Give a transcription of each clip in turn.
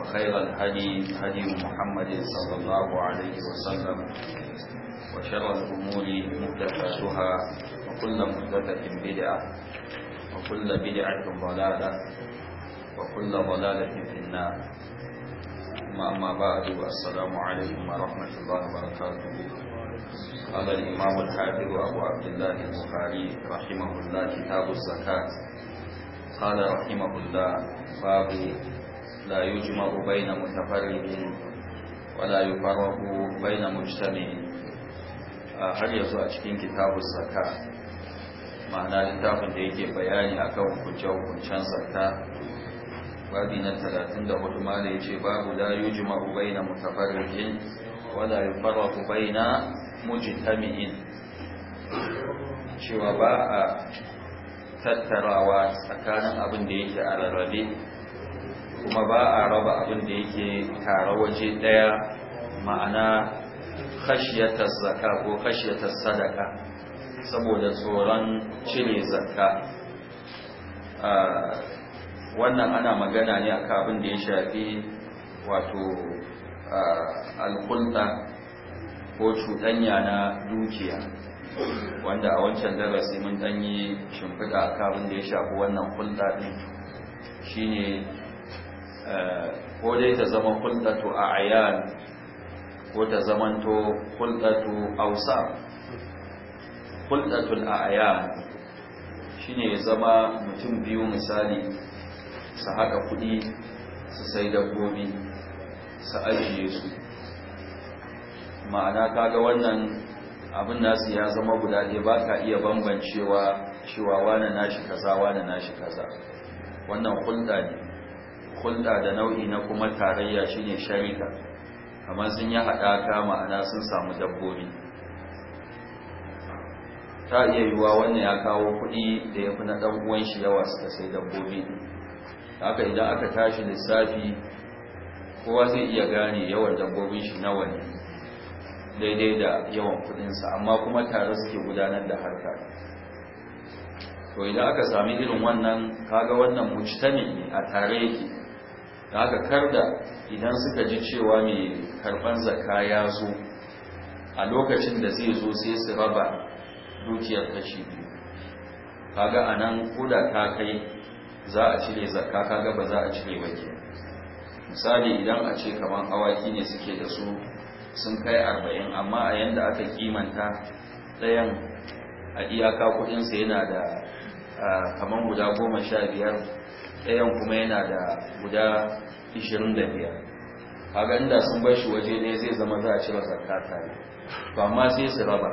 وخير الهدي هدي محمد صلى الله عليه وسلم وشر الأمور محدثاتها وكل محدثة بدعة وكل بدعة ضلالة وكل ضلالة في النار أما بعد السلام عليكم ورحمة الله وبركاته قال الإمام الحافظ أبو عبد الله البخاري رحمه الله كتاب الزكاة قال رحمه الله باب لا يجمع بين متفرد ولا يفرق بين مجتمع har yanzu a cikin kitabun zakka ma'ana littafin da yake bayani a kan hukunce-hukuncen zakka babi na talatin 34 ma da ya yace babu la yujma'u baina mutafarriqin wa la yufarraqu baina mujtami'in cewa ba a tattarawa tsakanin abin da yake a rarrabe kuma ba a raba abin da yake tare waje daya ma'ana khashiyatar zakka ko khashiyatar sadaka saboda tsoron cire zakka wannan ana magana ne a abin da ya shafi wato alkunta ko cutanya na dukiya wanda a wancan darasi mun danyi shimfiɗa a kabin da ya shafi wannan kunta ɗin shine Eh, ko dai ta zama hulɗatu a ayan ko ta zamanto hulɗatu ausa hulɗatul a ayan shi ne zama mutum biyu misali su haka kuɗi su sai dabbobi su ajiye su ma'ana kaga wannan abin nasu ya zama guda ɗaya ba ka iya bambancewa cewa wane nashi kaza wane nashi kaza wannan hulɗa ne hulɗa da nau'i na kuma tarayya shine sharika kamar sun yi haɗaka ma'ana sun samu dabbobi ta iya yiwuwa wannan ya kawo kuɗi da ya fi na ɗan shi yawa suka sai dabbobi haka idan aka tashi lissafi kowa zai iya gane yawan dabbobin shi nawa ne daidai da yawan kuɗinsa amma kuma tare suke gudanar da harka to idan aka sami irin wannan kaga wannan mujtami ne a tare yake da haka karda idan suka ji cewa mai karban zaka ya zo a lokacin da zai zo sai su raba dukiyar kashi biyu kaga a nan kuda ta kai za a cire zaka kaga ba za a cire ba misali idan a ce kamar awaki ne suke da su sun kai arba'in amma a yanda aka kimanta ɗayan a iyaka kudinsa yana da kamar guda goma sha biyar ɗayan kuma yana da guda ishirin da biyar kaga inda sun bar shi waje ne zai zama za a cire zarka tare to amma sai su raba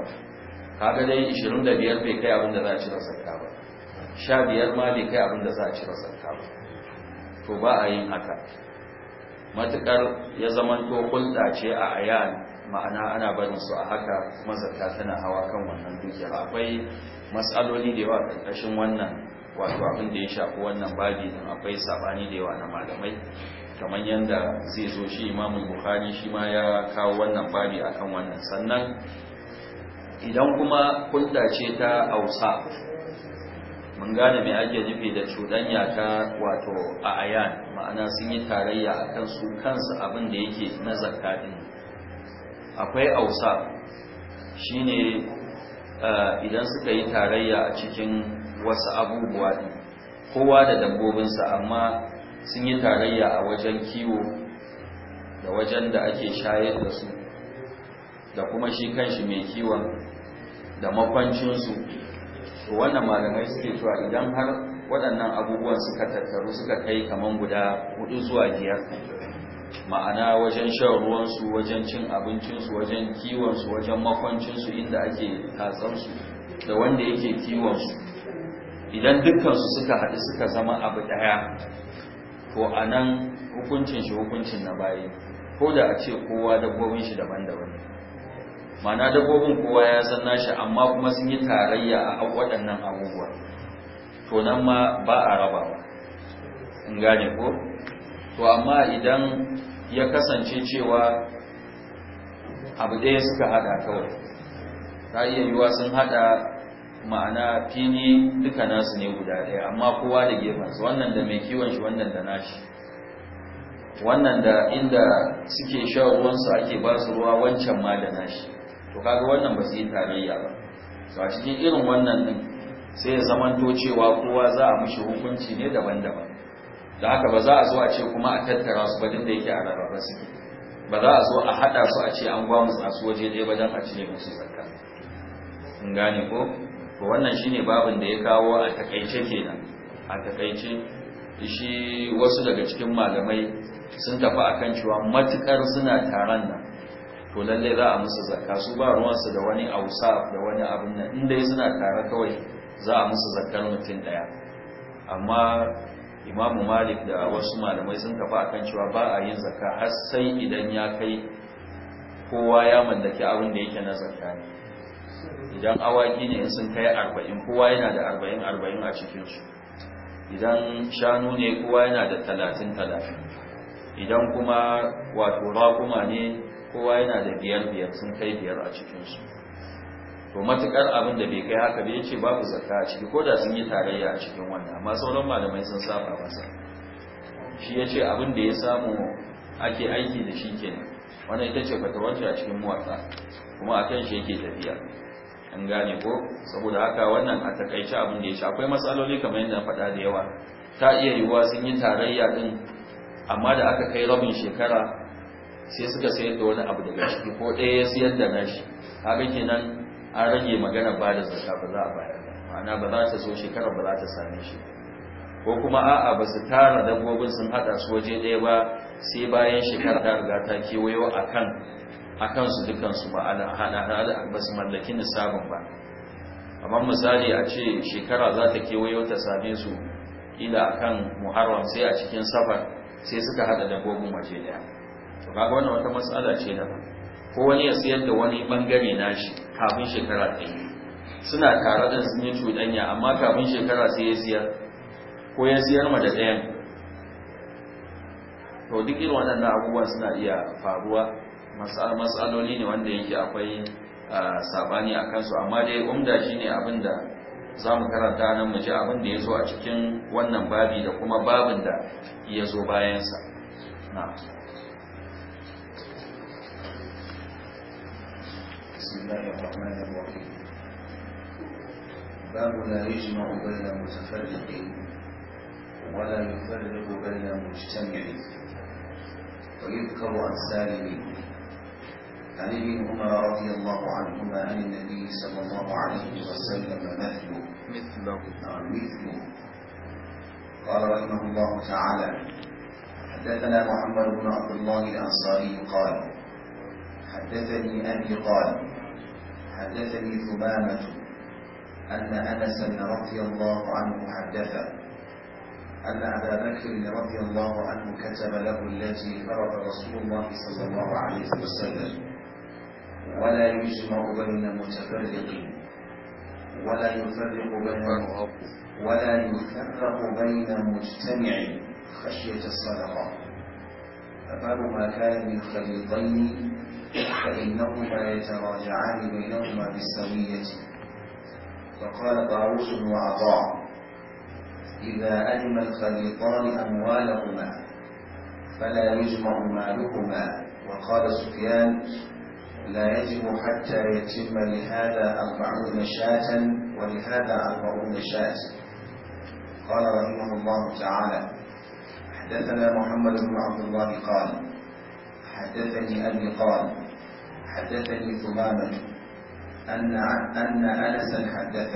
ga dai ishirin da biyar bai kai abin da za a cire zarka ba sha biyar ma bai kai abin da za a cire zarka ba to ba a yin haka matukar ya zamanto hulɗa ce a ayan ma'ana ana barin su a haka kuma zarka tana hawa kan wannan dukiyar akwai matsaloli da yawa ƙarƙashin wannan wato abin da ya shafi wannan babi din akwai sabani da yawa na malamai kamar yadda zai zo shi imamu bukhari shi ma ya kawo wannan babi akan wannan sannan idan kuma hulɗa ce ta ausa mun gane mai ake nufi da cuɗanya ta wato a ayan ma'ana sun yi tarayya a kan su kansu abin da yake na zakka akwai ausa shine Eh, idan suka yi tarayya a cikin wasu abubuwa ne kowa da dabbobinsa amma sun yi tarayya a wajen kiwo da wajen da ake shayar da su da kuma shi kanshi mai kiwon da makwancinsu to wannan malamai suke cewa idan har waɗannan abubuwan suka tattaru suka kai kamar guda hudu zuwa biyar ma'ana wajen shan ruwansu wajen cin abincinsu wajen kiwonsu wajen makwancinsu inda ake tatsansu da wanda yake kiwonsu idan dukkansu suka haɗu suka zama abu ɗaya to a nan hukuncin shi hukuncin na baye ko da a ce kowa dabbobin shi daban-daban ma'ana dabbobin kowa ya san nashi amma kuma sun yi tarayya a waɗannan abubuwa to nan ma ba a rabawa in gane ko to amma idan ya kasance cewa abu ɗaya suka haɗa kawai ta iya yiwuwa sun haɗa ma'ana fini duka nasu ne guda ɗaya amma kowa da gefansu wannan da mai kiwon shi wannan da nashi wannan da inda suke shan ruwansu ake ba su ruwa wancan ma da nashi to kaga wannan ba su yi tarayya ba to a cikin irin wannan din sai ya zamanto cewa kowa za a mishi hukunci ne daban-daban da haka ba za a zo a ce kuma a tattara su ba da yake a rarraba su ba za a zo a haɗa su a ce an gwamutsa su waje ɗaya ba don a cire musu zakka in gane ko to wannan shine babin da ya kawo a takaice kenan a takaice shi wasu daga cikin malamai sun tafi akan cewa matukar suna taron nan to lalle za a musu zakka su ba ruwansu da wani ausa da wani abin nan dai suna tare kawai za a musu zakkar mutum ɗaya amma imamu malik da wasu malamai sun kafa akan cewa ba a yin zakka har sai idan ya kai kowa ya mallaki abin da yake na zakka ne idan awaki ne in sun kai arba'in kowa yana da arba'in arba'in a cikinsu idan shanu ne kowa yana da talatin talatin idan kuma wato raƙuma ne kowa yana da biyar biyar sun kai biyar a cikinsu to matukar abin da bai kai haka bai ce babu zakka a ciki ko da sun yi tarayya a cikin wannan amma sauran malamai sun saba masa shi ya ce abin da ya samu ake aiki da shi kenan wannan ita ce fatawarci a cikin muwatta kuma a kan shi yake tafiya an gane ko saboda haka wannan a takaice abin da ya sha akwai matsaloli kamar yadda faɗa da yawa ta iya yiwuwa sun yi tarayya din amma da aka kai rabin shekara sai suka sayar da wani abu daga ciki ko ɗaya ya sayar da nashi haka kenan an rage magana ba da zaka ba za a bayar ma'ana ba za ta zo shekarar ba za ta same shi ko kuma a'a ba su tara dabbobin sun hada su waje daya ba sai bayan shekara ta riga ta kewayo akan akan su dukan su ba ana hada hada ba su mallaki nisabin ba amma misali a ce shekara za ta kewayo ta same su ila akan muharram sai a cikin safar sai suka hada dabbobin waje ɗaya to kaga wannan wata matsala ce da ba ko wani ya siyar da wani bangare nashi kafin shekara ta suna tare da sun yi cuɗanya amma kafin shekara sai ya siyar ko ya siyar ma da ɗayan to duk irin waɗannan abubuwan suna iya faruwa matsaloli ne wanda yake akwai saɓani a kansu amma dai umda shi ne abin da za mu karanta nan mu ji abin da ya zo a cikin wannan babi da kuma babin da ya zo bayansa na'am بسم الله الرحمن الرحيم باب لا يجمع بين متفرق ولا يفرق بين مجتمع ويذكر عن سالم عن ابن عمر رضي الله عنهما عن النبي صلى الله عليه وسلم مثله مثله آه، مثله قال رحمه الله تعالى حدثنا محمد بن عبد الله الانصاري قال حدثني أبي قال حدثني ثمامة أن أنس رضي الله عنه حدثه أن أبا بكر رضي الله عنه كتب له التي فرض رسول الله صلى الله عليه وسلم ولا يجمع بين متفرقين ولا يفرق بين ولا يفرق بين مجتمع خشية الصدقة فباب ما كان من خليطين فإنهما يتراجعان بينهما بالسوية فقال طاووس وعطاء إذا ألم الخليطان أموالهما فلا يجمع مالهما وقال سفيان لا يجب حتى يتم لهذا أربعون شاة ولهذا أربعون شاة قال رحمه الله تعالى حدثنا محمد بن عبد الله قال حدثني أبي قال حدثني ثمامة أن أن أنسا حدث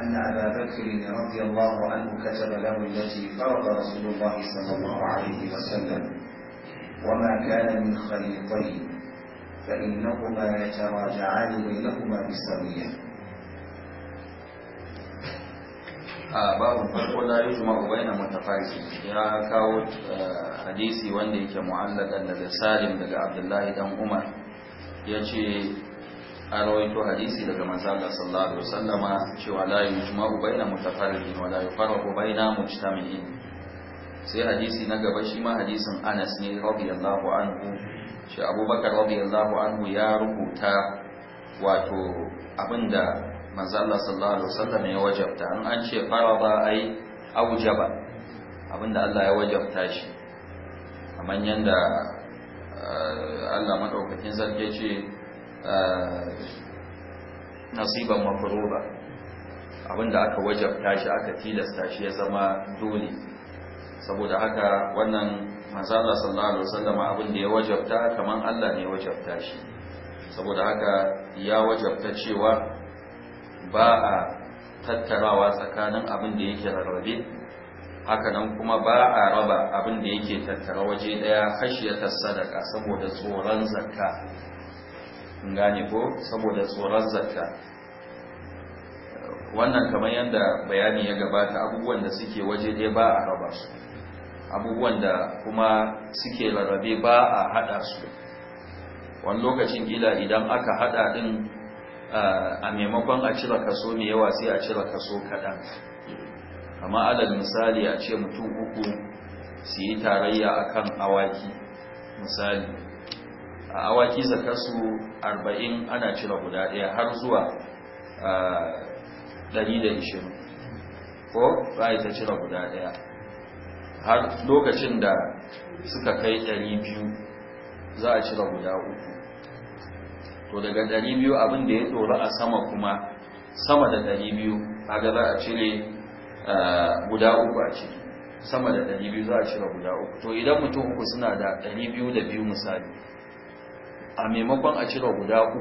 أن أبا بكر رضي الله عنه كتب له التي فرض رسول الله صلى الله عليه وسلم وما كان من خليطين فإنهما يتراجعان بينهما بسرية a babin farko la yujma baina mutafaqi ya kawo hadisi wanda yake mu'alladan daga Salim daga Abdullahi dan Umar ya ce a rawaito hadisi daga manzala sallallahu alaihi wasallama cewa la yujma'u baina mutafarriqin wa la yufarraqu baina mujtami'in sai hadisi na gaba shi ma hadisin Anas ne radiyallahu anhu shi Abubakar radiyallahu anhu ya rubuta wato abinda manzala sallallahu alaihi wasallama ya wajabta an an ce farada ai aujaba abinda Allah ya wajabta shi kamar yanda Allah madaukakin zarge ce ah, nasiban mafruba abinda aka wajabta shi aka tilasta shi ya zama dole saboda haka wannan manzo Allah sallallahu alaihi wasallam abinda ya wajabta kamar Allah ne ya wajabta shi saboda haka ya wajabta cewa ba a tattarawa tsakanin abin da yake rarrabe hakanan kuma ba a raba abin da yake tattara waje daya ta sadaka saboda tsoron zakka gane ko saboda tsoron zakka wannan kamar yadda bayani ya gabata abubuwan da suke waje dai ba a raba su abubuwan da kuma suke rarrabe ba a hada su wani lokacin gida idan aka hada din a maimakon a cire kaso mai yawa sai a cire kaso kaɗan kama alal misali a ce mutum uku su yi tarayya akan awaki misali a awaki su arba'in ana cire guda ɗaya har zuwa ɗari da ishirin ko ba ita cire guda ɗaya har lokacin da suka kai ɗari biyu za a cire guda uku to daga ɗari biyu abin da ya ɗora a sama kuma sama da ɗari biyu a gaba a cire guda uku a ciki sama da ɗari biyu za a cire guda uku to idan mutum uku suna da ɗari biyu da biyu misali a maimakon a cire guda uku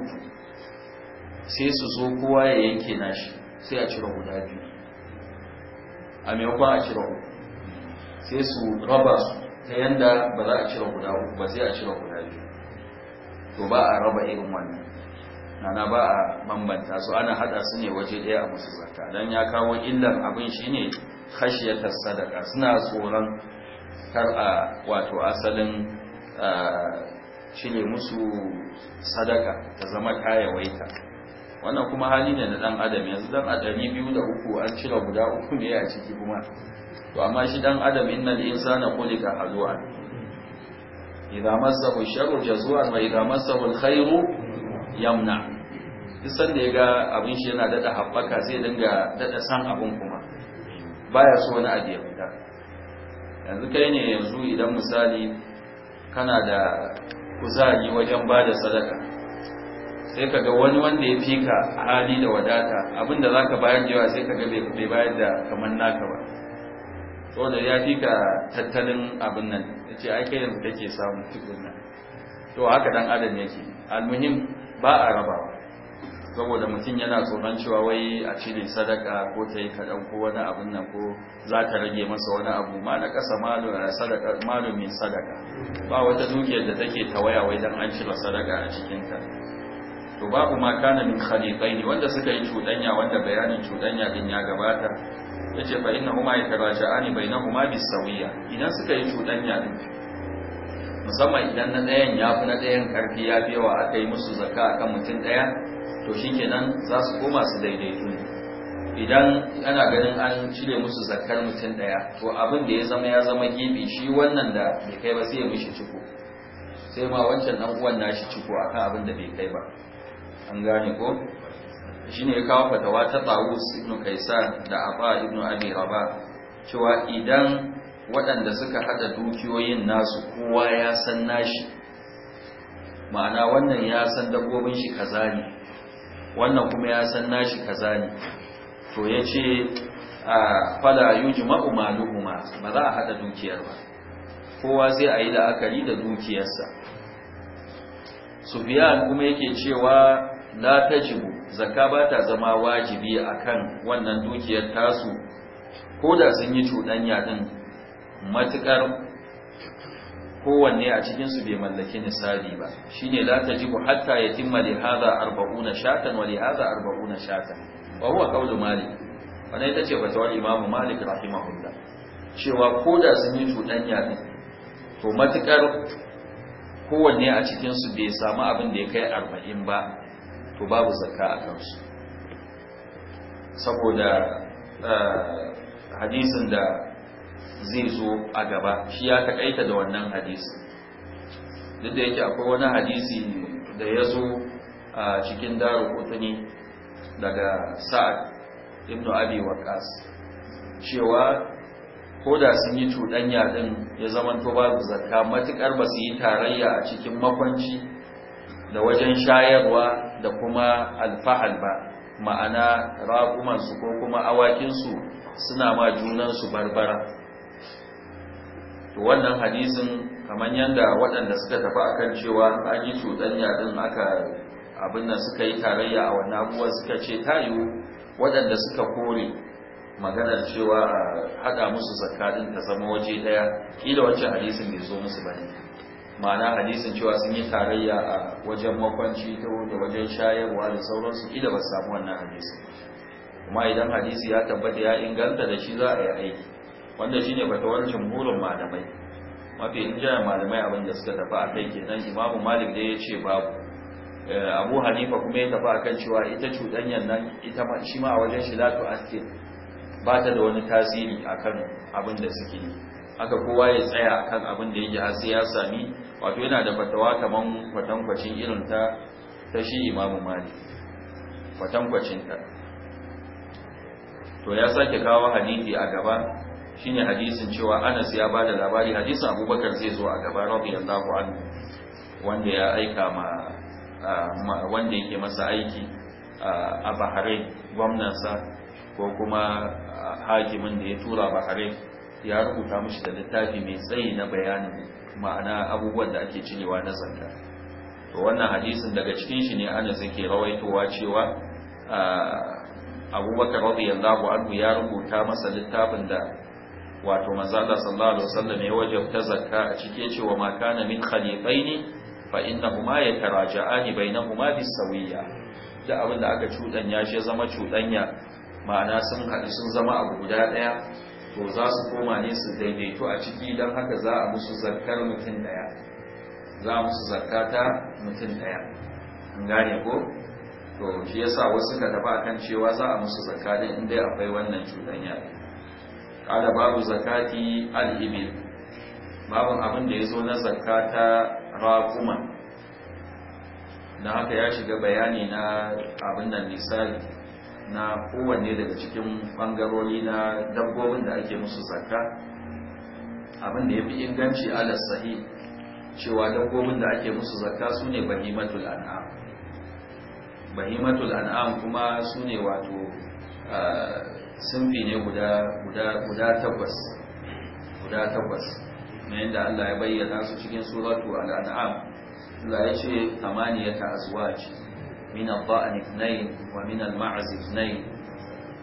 sai su zo kowa ya yanke nashi sai a cire guda biyu a maimakon a cire uku sai su raba su ta yanda ba za a cire guda uku ba sai a cire guda biyu to ba a raba irin wannan ana ba a bambanta su ana hada su ne waje daya a musu zakka dan ya kawo illan abin shine khashiyatas sadaka suna tsoron kar a wato asalin cire musu sadaka ta zama waita wannan kuma hali ne na dan adam yanzu dan adam biyu da uku an cire guda uku ne a ciki kuma to amma shi dan adam innal insana khuliqa halu'an idza massahu sharru jazu'an wa idza massahu alkhairu yamna duk sanda ya ga abin shi yana dada haɓaka sai dinga dada san abin kuma baya so wani abu fita yanzu kai ne yanzu idan misali kana da kuzari wajen ba da sadaka sai kaga wani wanda ya fika ka hali da wadata abinda za ka bayar da yawa sai ka bai bayar da kamar naka ba da ya fi tattalin abin nan ya ce ai kai yanzu kake samun tukun nan to haka dan adam yake almuhim ba a rabawa saboda mutum yana tsoron cewa wai a cire sadaka ko ta yi kaɗan ko wani abin nan ko za ta rage masa wani abu ma na ƙasa malu eh, sadaka ba wata dukiyar da take tawaya wai don an cire sadaka a cikinta to babu ma kana min khaliqai ne wanda suka yi cuɗanya wanda bayanin cuɗanya din ya gabata yace fa inna huma yataraja'ani bainahuma bisawiya idan suka yi cuɗanya din musamman idan na ɗayan ya fi na ɗayan karfi ya fi yawa aka yi musu zaka kan mutum ɗaya to shi kenan za su koma su daidaitu idan ana ganin an cire musu zakar mutum ɗaya to abin da ya zama ya zama gibi shi wannan da bai kai ba sai ya mishi ciko sai ma wancan ɗan uwan nashi ciko akan abin da bai kai ba an gane ko shine ya kawo fatawa ta Tawus ibn Kaisar da Aba ibn Abi Rabah cewa idan waɗanda suka haɗa dukiyoyin nasu kowa ya san nashi ma'ana wannan ya san dabbobin shi kaza ne wannan kuma ya san nashi kaza ne to ya ce a fada fala yuji ma'umaluhuma ba za a haɗa dukiyar ba kowa sai a yi la'akari da dukiyarsa biya kuma yake cewa ta tajibu zakka ba ta zama wajibi akan wannan dukiyar tasu ko da sun yi cuɗanya din matukar kowanne a cikinsu bai mallaki nisabi ba shine la jibu hatta yatimma li hadha arba'una shatan wa li hadha arba'una shatan wa huwa qawlu malik wannan ita ce fatawar imamu malik rahimahullah cewa ko da sun yi cuɗanya ne to matukar kowanne a cikinsu bai samu abin da ya kai arba'in ba to babu zakka a kansu saboda eh, hadisin da zai zo a gaba shi ya takaita da wannan hadisi duk da yake akwai wani hadisi da ya zo a cikin daru kutuni daga sa'ad ibn abi waqas cewa ko da sun yi cuɗanya din ya zamanto babu zakka matukar ba su yi tarayya a cikin makwanci da wajen shayarwa da kuma alfahal ba ma'ana rakumansu ko kuma awakinsu suna ma junansu barbara to wannan hadisin kamar yadda waɗanda suka tafi akan cewa an yi cuɗanya din aka abin nan suka yi tarayya a wannan abuwa suka ce ta yiwu waɗanda suka kore maganar cewa a haɗa musu zakka ta zama waje ɗaya kila wancan hadisin bai zo musu ba ne ma'ana hadisin cewa sun yi tarayya a wajen makwanci ta da wajen shayarwa da sauransu kila ba su samu wannan hadisin kuma idan hadisi ya tabbata ya inganta da shi za a yi aiki wanda shine fatawar jumhurin malamai mafi injiyar malamai abin da suka tafi a kai kenan imamu malik dai ya ce babu eh, abu hanifa kuma ya tafi kan cewa ita cuɗanyar nan ita shi ma a wajen shi latu askir ba ta da wani tasiri kan abin da suke yi haka kowa ya tsaya akan abin da ya har sai ya sami wato yana da fatawa kamar kwatankwacin irin ta ta shi imamu malik kwatankwacin ta to ya sake kawo hadisi a gaba shine hadisin cewa Anas ya bada labari hadisin Abubakar zai zo a gaba radiyallahu anhu wanda ya aika ma wanda yake masa aiki a Bahrain gwamnansa ko kuma hakimin da ya tura Bahrain ya rubuta mishi da littafi mai tsayi na bayanin ma'ana abubuwan da ake cinewa na zanka. to wannan hadisin daga cikin shi ne Anas yake rawaitowa cewa Abubakar radiyallahu anhu ya rubuta masa littafin da wato manzo Allah sallallahu alaihi wasallam ya ta zakka a cikin cewa ma kana min khalifaini fa innahuma yataraja'ani bainahuma bisawiyya da abin da aka ya shi zama cudanya ma'ana sun haɗu sun zama abu guda daya to za su koma ne su daidaito a ciki dan haka za a musu zakkar mutum ɗaya za a musu zakkata mutum ɗaya an gane ko to shi yasa wasu ka tafi kan cewa za a musu zakka din in dai akwai wannan cudanya قال babu zakati الإبل babu abin da zo na zakata raquma na haka ya shiga bayani na abin nan misali na kowanne daga cikin bangarori na dabbobin da ake musu zakka abin da yafi inganci ala sahih cewa dabbobin da ake musu zakka sune bahimatul an'am bahimatul an'am kuma sune wato eh, Sun fi ne guda tabbas, guda takwas mai yadda Allah ya bayyana su cikin suratu a al’am da ya ce tamaniyata azwaj min al-ba'an ithnain wa min al-ma'az ithnain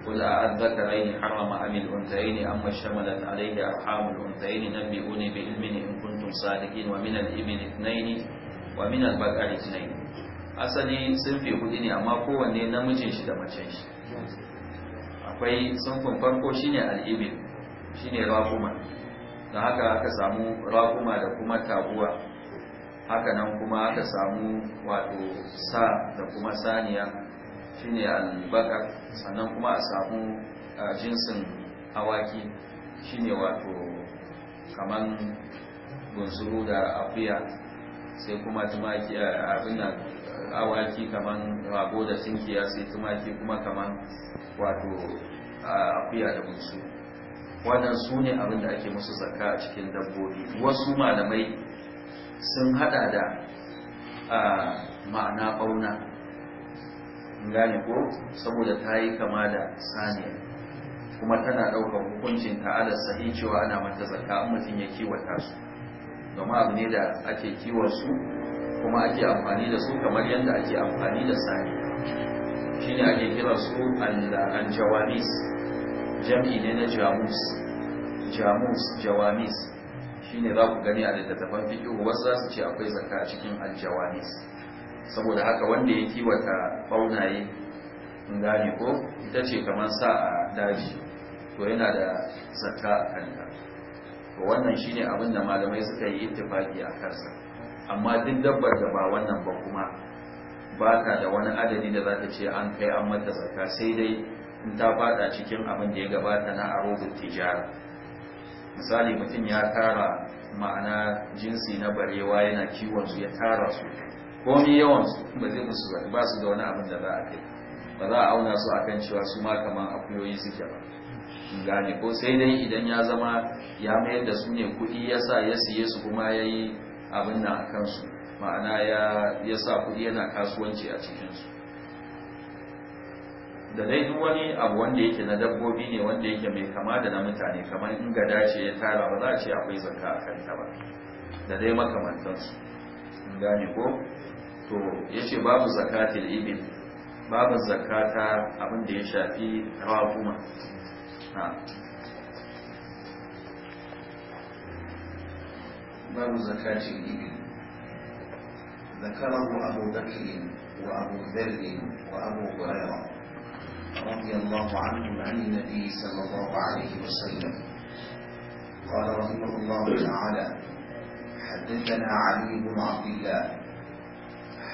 qul a'adzakaraini harrama am al-untayn am shamalat alayhi arham al-untayn nabbi'uni bi ne in kuntum sadiqin wa minan al-ibil ne? wa min al nai? ithnain sun fi hudi ne amma kowanne namijin shi da macen shi akwai sunfin farko shine al'ibin shine raguma don haka aka samu raguma da kuma tabuwa haka nan kuma aka samu wato sa da kuma saniya shine albakar sannan kuma a samu jinsin awaki shine wato kaman gunsuru da afiya sai kuma tumaki abin nan awaki kaman rago da sinkiya sai tumaki kuma kaman wato akuya da musu wannan su ne abin da ake musu zakka a cikin dabbobi wasu malamai sun hada da ma'ana bauna gane ko saboda ta yi kama da saniya kuma tana ɗaukar hukuncin ta'ala sahi cewa ana mata zakka in mutum ya kiwata su domin abu ne da ake kiwon su kuma ake amfani da su kamar yadda ake amfani da sani Shi ne ake kira su an jawamis jam'i ne na jamus jamus jawamis Shi ne za ku gani a littattafan fiqh wasu za su ce akwai zaka a cikin an jawamis saboda haka wanda ya kiwata faunaye, in gane ko ita ce kamar sa a daji to yana da zaka a kanta to wannan shine abin da malamai suka yi ittifaki a kansa amma duk dabbar da ba wannan ba kuma ba ta da wani adadi da za ta ce an kai an mata zakka sai dai in ta fada cikin abin da ya gabata na arobin tijara misali mutum ya tara ma'ana jinsi na barewa yana kiwon su ya tara su Ko ni yawan su ba zai musu ba su da wani abin da za a kai ba za a auna su a kan cewa su ma kamar akuyoyi suke ba gane ko sai dai idan ya zama ya mayar da su ne kuɗi ya sa ya siye su kuma ya yi abin nan a kansu ma'ana ya sa kuɗi yana kasuwanci a cikinsu da dai duk wani abu wanda yake na dabbobi ne wanda yake mai kama da na mutane kamar in ga dace ya tara ba za a ce akwai zakka a kanta ba da dai makamantansu in gane ko to ya ce babu zakatil ibil babu zakata abin da ya shafi kuma. باب زكاة الإبل ذكره أبو بكر وأبو ذر وأبو هريرة رضي الله عنهم عن النبي صلى الله عليه وسلم قال رحمه الله تعالى حدثنا علي بن عبد الله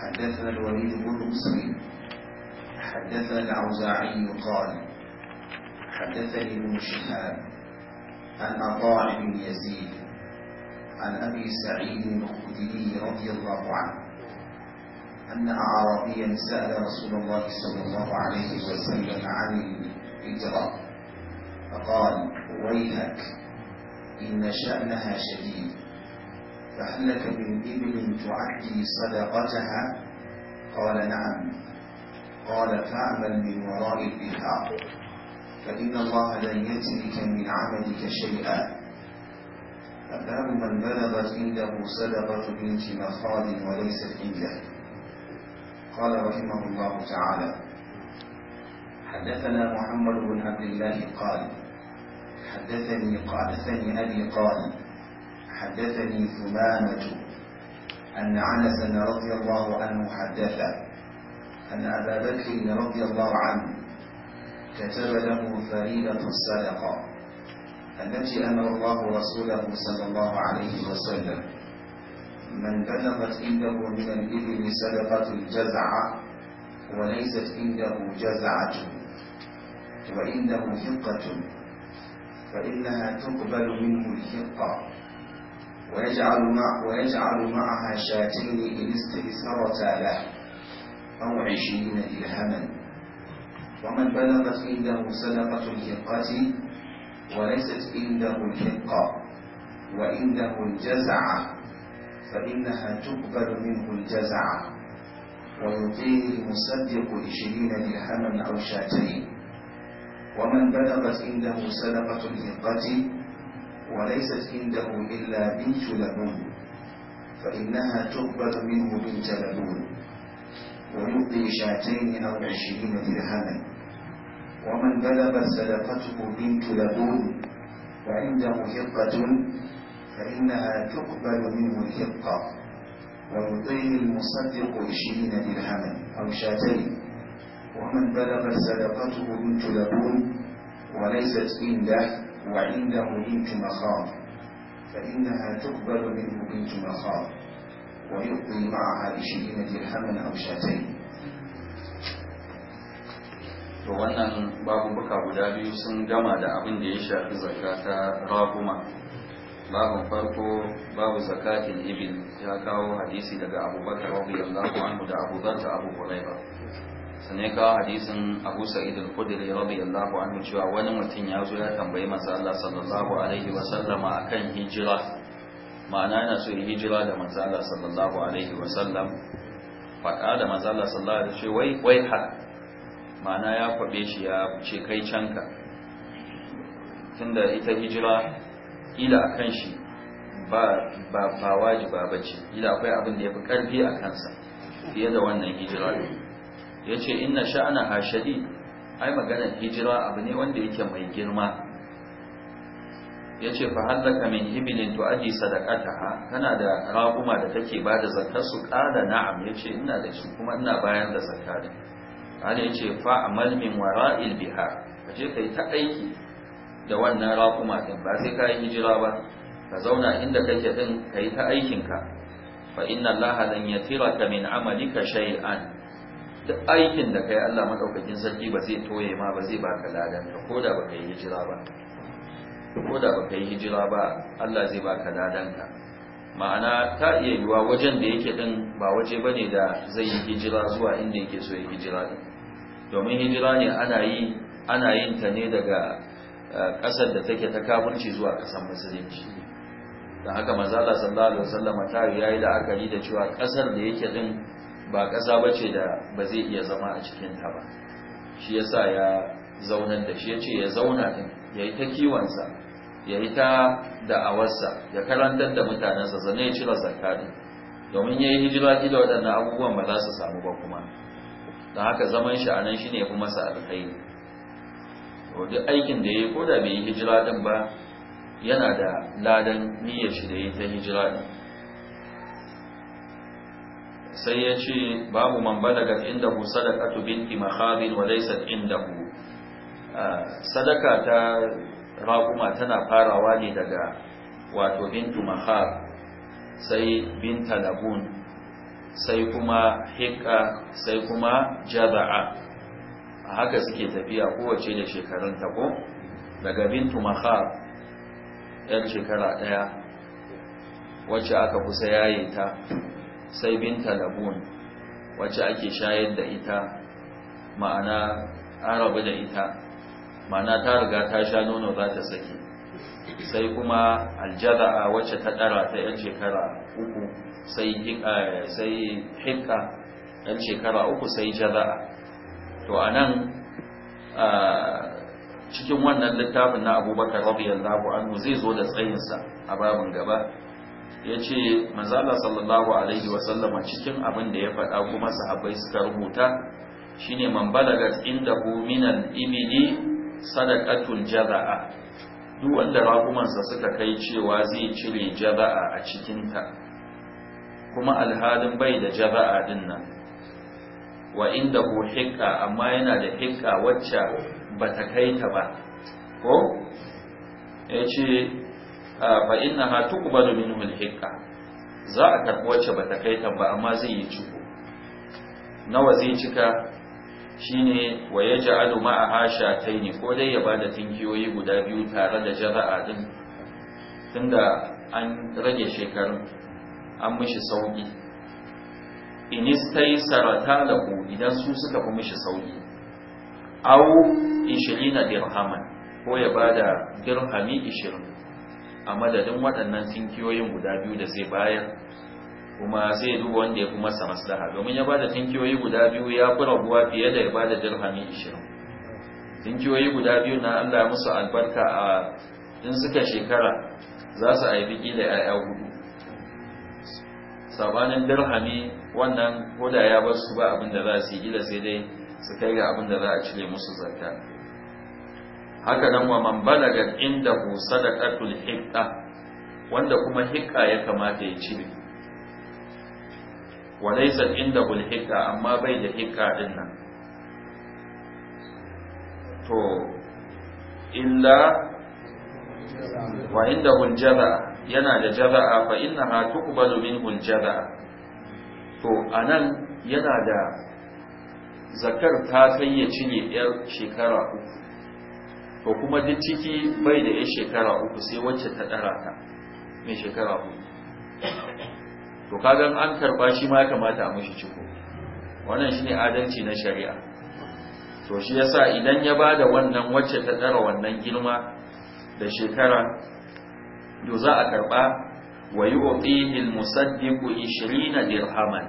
حدثنا الوليد بن مسلم حدثنا الأوزاعي قال حدثني ابن شهاب أن أطاع بن يزيد عن أبي سعيد الخدري رضي الله عنه أن أعرابيا سأل رسول الله صلى الله عليه وسلم عن الهجرة فقال ويلك إن شأنها شديد فهل لك من إبل تعدي صدقتها قال نعم قال فاعمل من وراء البحار فإن الله لن يترك من عملك شيئا أثار من بلغت عنده صدقة بنت مخاض وليست عنده قال رحمه الله تعالى حدثنا محمد بن عبد الله قال حدثني حدثني أبي قال حدثني ثمامة أن أنس رضي الله عنه حدث أن أبا بكر رضي الله عنه كتب له فريدة الصدقة التي أمر الله رسوله صلى الله عليه وسلم من بلغت عنده من الإبل صدقة الجزع وليست عنده جزعة وعنده حقة فإنها تقبل منه الحقة ويجعل, مع ويجعل معها شاتين إن استئسرتا له أو عشرين درهما ومن بلغت عنده صدقة الحقة وليست عنده الحقة وعنده الجزع فإنها تقبل منه الجزع ويعطيه المصدق عشرين درهما أو شاتين ومن بلغت عنده صدقة الحقة وليست عنده إلا بنت لبون فإنها تقبل منه بنت لبون ويعطي شاتين أو عشرين درهما ومن بلغ صدقته بنت لبون وعنده حقة فإنها تقبل منه الحقة ويطيل المصدق عشرين درهما أو شاتين ومن بلغ صدقته بنت لبون وليست عنده وعنده بنت مخاض فإنها تقبل منه بنت مخاض ويقضي معها عشرين درهما أو شاتين to wannan babubuka guda biyu sun gama da abin da ya shafi zakka ta raguma babu farko babu zakatin ibil ya kawo hadisi daga abubakar radiyallahu anhu da abubakar da abu huraiba sannan kawo hadisin abu sa'id al-khudri radiyallahu anhu cewa wani mutum ya zo ya tambayi manzo Allah sallallahu alaihi wa sallama akan hijira ma'ana yana so hijira da manzo Allah sallallahu alaihi wa sallam faɗa da manzo Allah sallallahu alaihi wa sallam wai wai ma'ana ya kwabe shi ya ce kai canka tunda ita hijira ila a kan shi ba ba ba ce ila akwai abin da ya fi karfi a kansa fiye da wannan hijira ya ce inna sha'ana hashadi ai maganar hijira abu ne wanda yake mai girma ya ce fa hallaka min hibilin sadakata ha kana da raguma da take ba da zakar su kada na'am ya ce ina da shi kuma ina bayar da zakar ana ya ce fa'amal min wara'il bihar ka je ka yi ta aiki da wannan raƙuma ɗin ba sai ka yi hijira ba ka zauna inda kake ɗin ka yi ta aikinka fa inna allaha lan ka min amalika shay'an duk aikin da kai Allah madaukakin sarki ba zai toye ma ba zai baka ladan ka koda ba kai hijira ba koda ba kai hijira ba Allah zai baka ladan ma'ana ta iya yiwa wajen da yake din ba waje bane da zai yi hijira zuwa inda yake so ya hijira din domin hijira ne ana yi ana yin ta ne daga eh, ƙasar da take ta kafirci zuwa ƙasar musulunci da haka Allah sallallahu alaihi wasallam ta yayi da yi da cewa ƙasar da yake din ba ƙasa bace da ba zai iya zama a cikin ta ba shi yasa ya zaunar da shi yace ya zauna din yayi ta sa yayi ta da'awarsa ya karantar da mutanensa zane ya cire zakka din domin yayi hijira da waɗannan abubuwan ba za su samu ba kuma Da haka zaman shi a nan shi ne masa alkhairi duk aikin da ya koda bai hijira din ba yana da ladan niyyar shi da ya ta hijira din sai ya ce babu man balaga inda hu sadaqatu binti mahabin wa laysat indahu sadaka ta raquma tana farawa ne daga wato bintu mahab sai binta labun sai kuma hika sai kuma Jaba'a a haka suke tafiya kowace da shekarun tako daga bintu makhab yan shekara daya wacce aka kusa yaye ta sai binta labun wacce ake shayar da ita ma'ana arabu da ita ma'ana ta riga ta sha nono za ta sake sai kuma Aljaza'a wacce ta dara ta yan shekara uku Eh, sai hinka ɗan shekara uku sai jaza'a to a nan eh, cikin wannan littafin na abubakar radiyallahu anhu zai zo da tsayinsa a babin gaba ya ce manzala sallallahu alaihi wasallama cikin abin da ya faɗa kuma sahabbai suka rubuta shine man inda hu minan ibili sadaqatul jaza'a duk wanda ragumansa suka kai cewa zai cire jaza'a a cikinta kuma alhalin bai da jaba'a din nan wa inda ku hikka amma yana da hikka wacce ba ta kai ta ba ko ya ce ba inna ha ba domin al-hikka za a karɓi wacce ba ta kai ta ba amma zai yi ciko nawa zai cika shine wa ta yi ne, ko dai ya bada tunkiyoyi guda biyu tare da jara'a din tunda an rage shekarun an mishi sauki in sarata lahu idan su suka fi mishi sauki au ishirina dirhaman ko ya bada dirhami 20 a madadin waɗannan tinkiyoyin guda biyu da zai bayar kuma sai ya duba wanda ya fi masa maslaha domin ya bada tinkiyoyi guda biyu ya fi rabuwa fiye da ya bada dirhami 20 tinkiyoyi guda biyu na Allah musu albarka a in suka shekara za su aibi ƙila 'ya'ya hudu sabanin dirhami wannan koda ya bar su ba abin da za su yi sai dai su kai ga abin da za a cire musu zakka haka nan wa man balaga hu sadaqatul hiqqa wanda kuma hiqqa ya kamata ya cire wa laysa indahu hiqqa amma bai da hiqqa din nan to illa wa hu jazaa yana da jaza'a fa innaha tuqbalu min al-jaza'a to anan yana da zakar ta kai ya cinye yar shekara uku to kuma duk ciki bai da yar shekara uku sai wacce ta dara ta mai shekara uku to kaga an karba shi ma ya kamata a mishi ciko wannan shine adalci na shari'a to shi yasa idan ya bada wannan wacce ta dara wannan girma da shekara to za a karba wa yu'tihi al-musaddiqu 20 dirhaman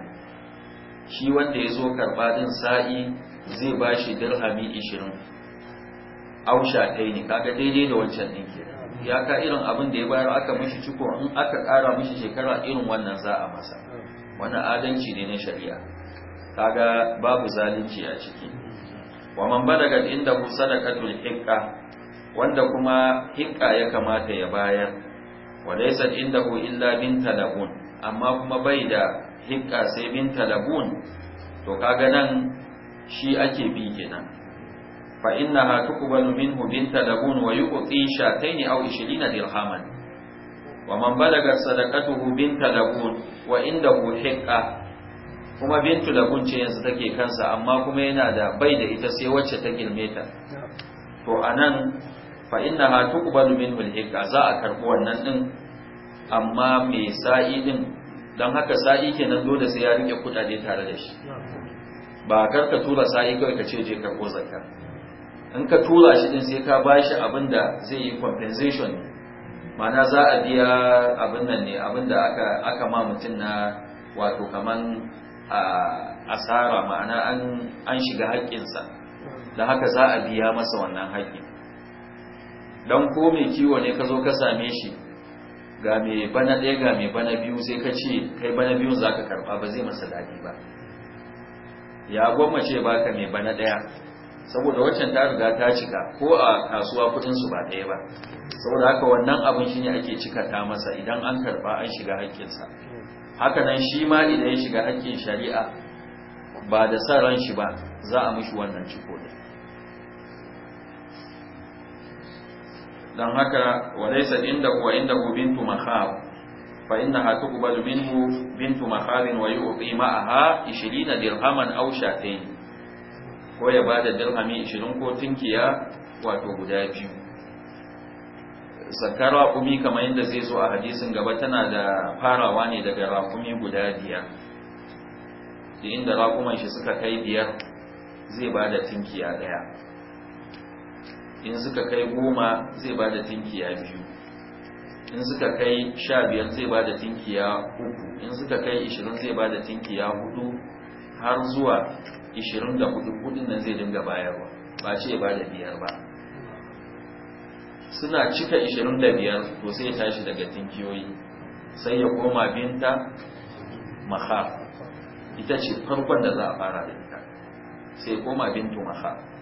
shi wanda yazo karba din sa'i zai bashi dirhami 20 au ne kaga daidai da wancan din ya ka irin abin da ya bayar aka mishi ciko in aka kara mishi shekara irin wannan za a masa wannan adalci ne na shari'a kaga babu zalunci a ciki wa man balaga inda sadaqatul hiqqa wanda kuma hiqqa ya kamata ya bayar walaysat indahu illa binta labun amma kuma bai da hikka sai binta labun to kaga nan shi ake bi kenan fa innaha tuqbalu minhu binta labun wa yuqti shatayn aw 20 dirhaman wa man balaga sadaqatuhu binta labun wa indahu hikka kuma bintu labun ce yanzu take kansa amma kuma yana da bai da ita sai wacce ta girme ta to anan fa innaha tuqbalu minhu al-hikka za a karbi wannan din amma me sa'i din dan haka sa'i kenan dole sai ya rike kudade tare da shi ba kar ka tura sa'i kai ka ce je karbo zakka in ka tura shi din sai ka bashi abinda zai yi compensation mana za a biya abin nan ne abinda aka aka ma mutum na wato kaman asara ma'ana an an shiga haƙƙinsa da haka za a biya masa wannan haƙƙin don ko mai kiwo ne ka zo ka same shi ga mai bana ɗaya ga mai bana biyu sai ka ce kai bana biyu za ka karɓa ba zai masa daɗi ba ya ce ba ka mai bana ɗaya saboda waccan ta riga ta cika ko a kasuwa su ba ɗaya ba saboda haka wannan abin ne ake cika ta masa idan an karɓa an shiga haƙƙinsa haka nan shi ma idan ya shiga haƙƙin shari'a ba da sa ran shi ba za a mishi wannan ciko dan haka laysa inda wa inda bintu makhab fa innaha tuqbalu minhu bintu makhab wa yu'ti ma'aha 20 dirhaman aw shatayn ko ya bada dirhami 20 ko tinkiya wato guda biyu zakara raƙumi kamar yadda zai zo a hadisin gaba tana da farawa ne daga raƙumi guda biyar da inda raƙuman shi suka kai biyar zai bada tinkiya daya in suka kai goma zai ba da tinkiya biyu in suka kai sha biyar zai ba da tinkiya uku in suka kai ishirin zai ba da tinkiya hudu har zuwa ishirin da hudu hudun nan zai dinga bayarwa ba ce ba da biyar ba suna cika ishirin da biyar to sai tashi daga tinkiyoyi sai ya koma binta maha ita ce farkon da za a fara da ita sai koma bintu maha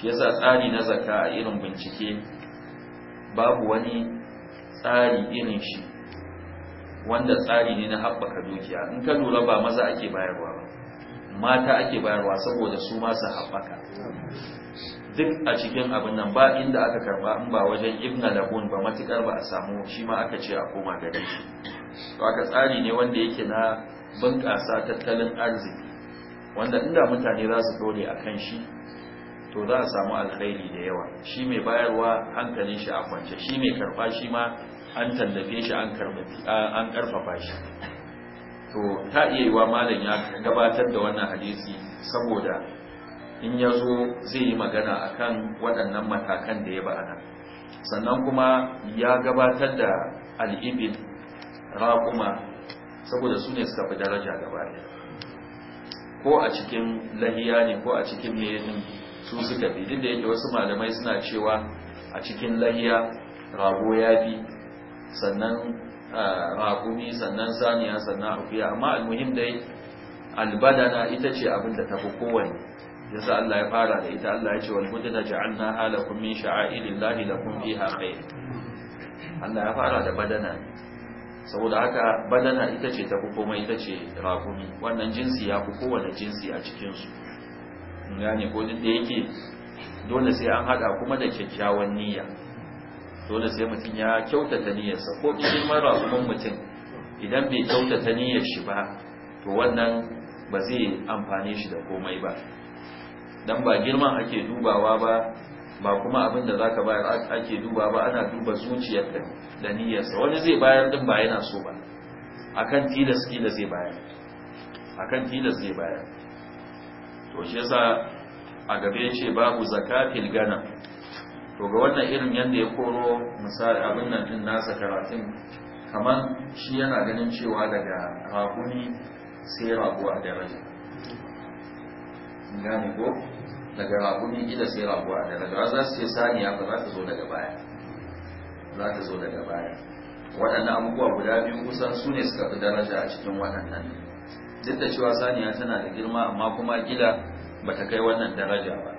shi yasa tsari na zakka a irin bincike babu wani tsari irin shi wanda tsari ne na haɓaka dukiya in ka lura ba maza ake bayarwa ba mata ake bayarwa saboda su ma su haɓaka duk a cikin abin nan ba inda aka karba in ba wajen ibn labun ba matukar ba a samu shi ma aka ce a koma gare shi to aka tsari ne wanda yake na bunƙasa tattalin arziki wanda inda mutane za su dole a kan shi to za a samu alkhairi da yawa shi mai bayarwa hankalin shi a kwance shi mai karfa shi ma an tallafe shi an karfafa shi to ta iya yiwa malam ya gabatar da wannan hadisi saboda in ya zo zai yi magana akan waɗannan matakan da ya ba'ana sannan kuma ya gabatar da al'ibin raƙuma saboda su ne suka fi daraja gaba ko a cikin lahiya ne ko a cikin meyanin su suka fi duk da yake wasu malamai suna cewa a cikin lahiya rago ya fi sannan rakumi sannan saniya sannan akuya amma almuhim dai albadana ita ce abin da tafi kowane yasa Allah ya fara da ita Allah ya ce wal budana ja'alna halakum min da lakum fiha khair Allah ya fara da badana saboda haka badana ita ce tafi komai ita ce rakumi wannan jinsi ya fi kowane jinsi a cikinsu gane ko duk da yake dole sai an hada kuma da kyakkyawan niyya dole sai mutum ya kyautata niyyarsa ko cikin kuma mutum idan bai kyautata niyyar shi ba to wannan ba zai amfane shi da komai ba dan ba girman ake dubawa ba ba kuma abin da zaka bayar ake duba ba ana duba zuciyar da da niyyarsa wani zai bayar din ba yana so ba akan tilas tilas zai bayar akan tilas zai bayar to shi yasa a gabe ce babu zakatil gana to ga wannan irin yadda ya koro misali abin nan din nasa karatun kamar shi yana ganin cewa daga rakuni sai raguwa a daraja gane ko daga rakuni ila sai raguwa a daraja za su ce saniya ba za ta zo daga baya za ta zo daga baya waɗannan abubuwa guda biyu kusan su ne suka fi daraja a cikin waɗannan duk da cewa saniya tana da girma amma kuma gida ba ta kai wannan daraja ba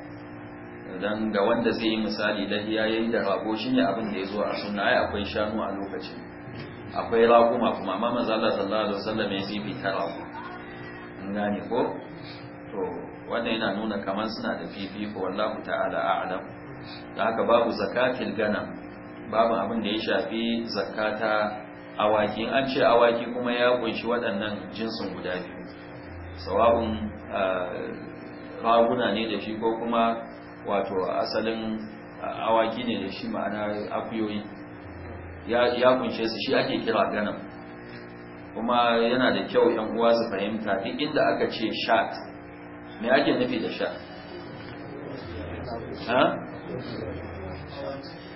idan ga wanda zai yi misali ya yi da rago shi ne abin da ya zo a sunna ai akwai shanu a lokacin akwai raguma kuma amma manzo Allah sallallahu alaihi wasallam ya fifita rago an gane ko to wannan yana nuna kamar suna da fifiko wallahu ta'ala a'lam da haka babu zakatil ganam babu abin da ya shafi zakata awaki an ce awaki kuma ya kunshi waɗannan jinsin guda biyu sawa'un raguna ne da shi ko kuma wato asalin awaki ne da shi ma'ana akuyoyi ya kunshe su shi ake kira ganin kuma yana da kyau yan uwa su fahimta duk inda aka ce shat me ake nufi da shat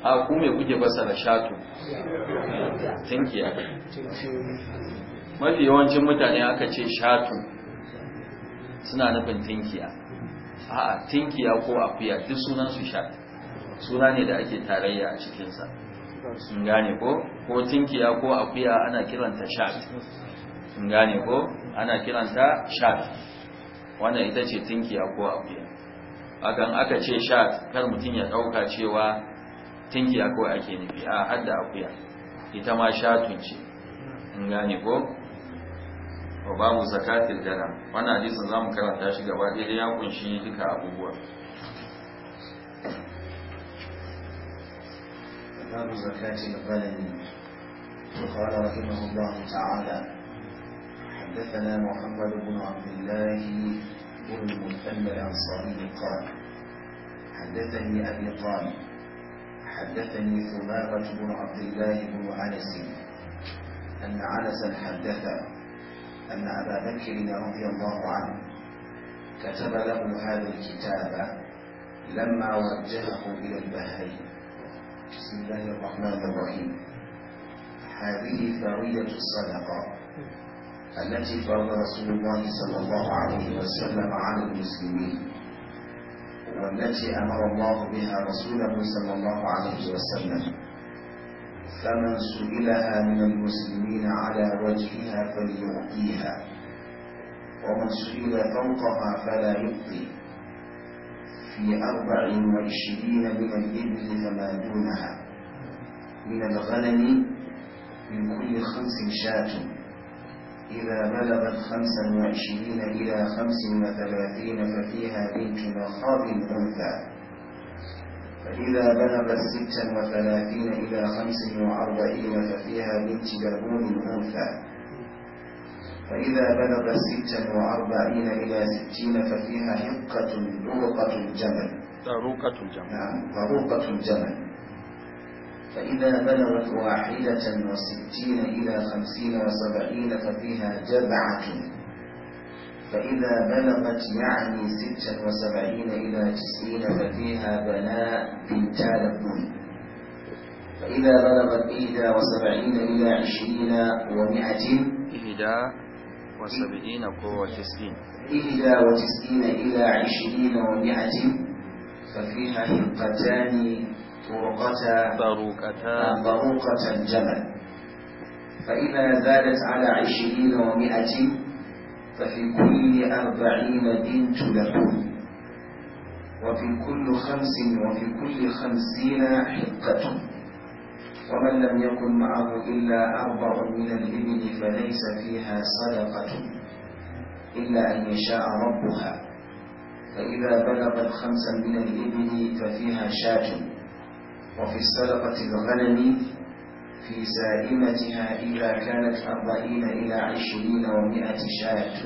a ku me kuke da shatu Tinkiya. aka mafi yawancin mutane aka ce shatu suna nufin tinkiya a'a tinkiya ko akuya duk sunan su sha suna ne da ake tarayya a cikinsa sun gane ko ko tinkiya ko akuya ana kiranta shat sun gane ko ana kiranta shat wannan ita ce tinkiya ko akuya akan aka ce shat kar mutum ya ɗauka cewa tinki tinkiya kawai ake nufi a hada akuya ita ma shatun ce in gane ko ba ba mu zakatil dana wannan hadisin zamu karanta shi gaba ɗaya ya kunshi duka abubuwa باب زكاة الغنم وقال رحمه الله تعالى حدثنا محمد بن عبد الله بن المثنى الأنصاري قال حدثني أبي قال حدثني ثمامة بن عبد الله بن أنس أن أنسا حدث أن أبا بكر رضي الله عنه كتب له هذا الكتاب لما وجهه إلى البهائي بسم الله الرحمن الرحيم هذه فريه الصدقة التي فرض رسول الله صلى الله عليه وسلم على المسلمين والتي أمر الله بها رسوله صلى الله عليه وسلم فمن سئلها من المسلمين على وجهها فليعطيها ومن سئل فوقها فلا يبقي في أربع وعشرين من الإبل فما دونها من الغنم من كل خمس شاة إذا بلغت خمسا وعشرين إلى خمس وثلاثين ففيها بنت مخاض أنثى فإذا بلغت ستا وثلاثين إلى خمس وأربعين ففيها بنت لبون أنثى فإذا بلغ ستا وأربعين إلى ستين ففيها حقة بروقة الجمل بروقة الجمل نعم بروقة الجمل فإذا بلغت واحدة وستين إلى خمسين وسبعين ففيها جبعة فإذا بلغت يعني ستا وسبعين إلى تسعين ففيها بناء بنت لبون فإذا بلغت إحدى وسبعين إلى عشرين ومائة إحدى وسبعين تسعين إحدى وتسعين إلى عشرين ومائة ففيها حلقتان فرقة باروكة باروكة جمل فإذا زادت على عشرين ومائة ففي كل أربعين بنت لكم وفي كل خمس وفي كل خمسين حقة ومن لم يكن معه إلا أربع من الإبل فليس فيها صدقة إلا أن يشاء ربها فإذا بلغت خمسا من الإبل ففيها شاة وفي صدقة الغنم في زائمتها إذا كانت أربعين إلى عشرين ومائة شاة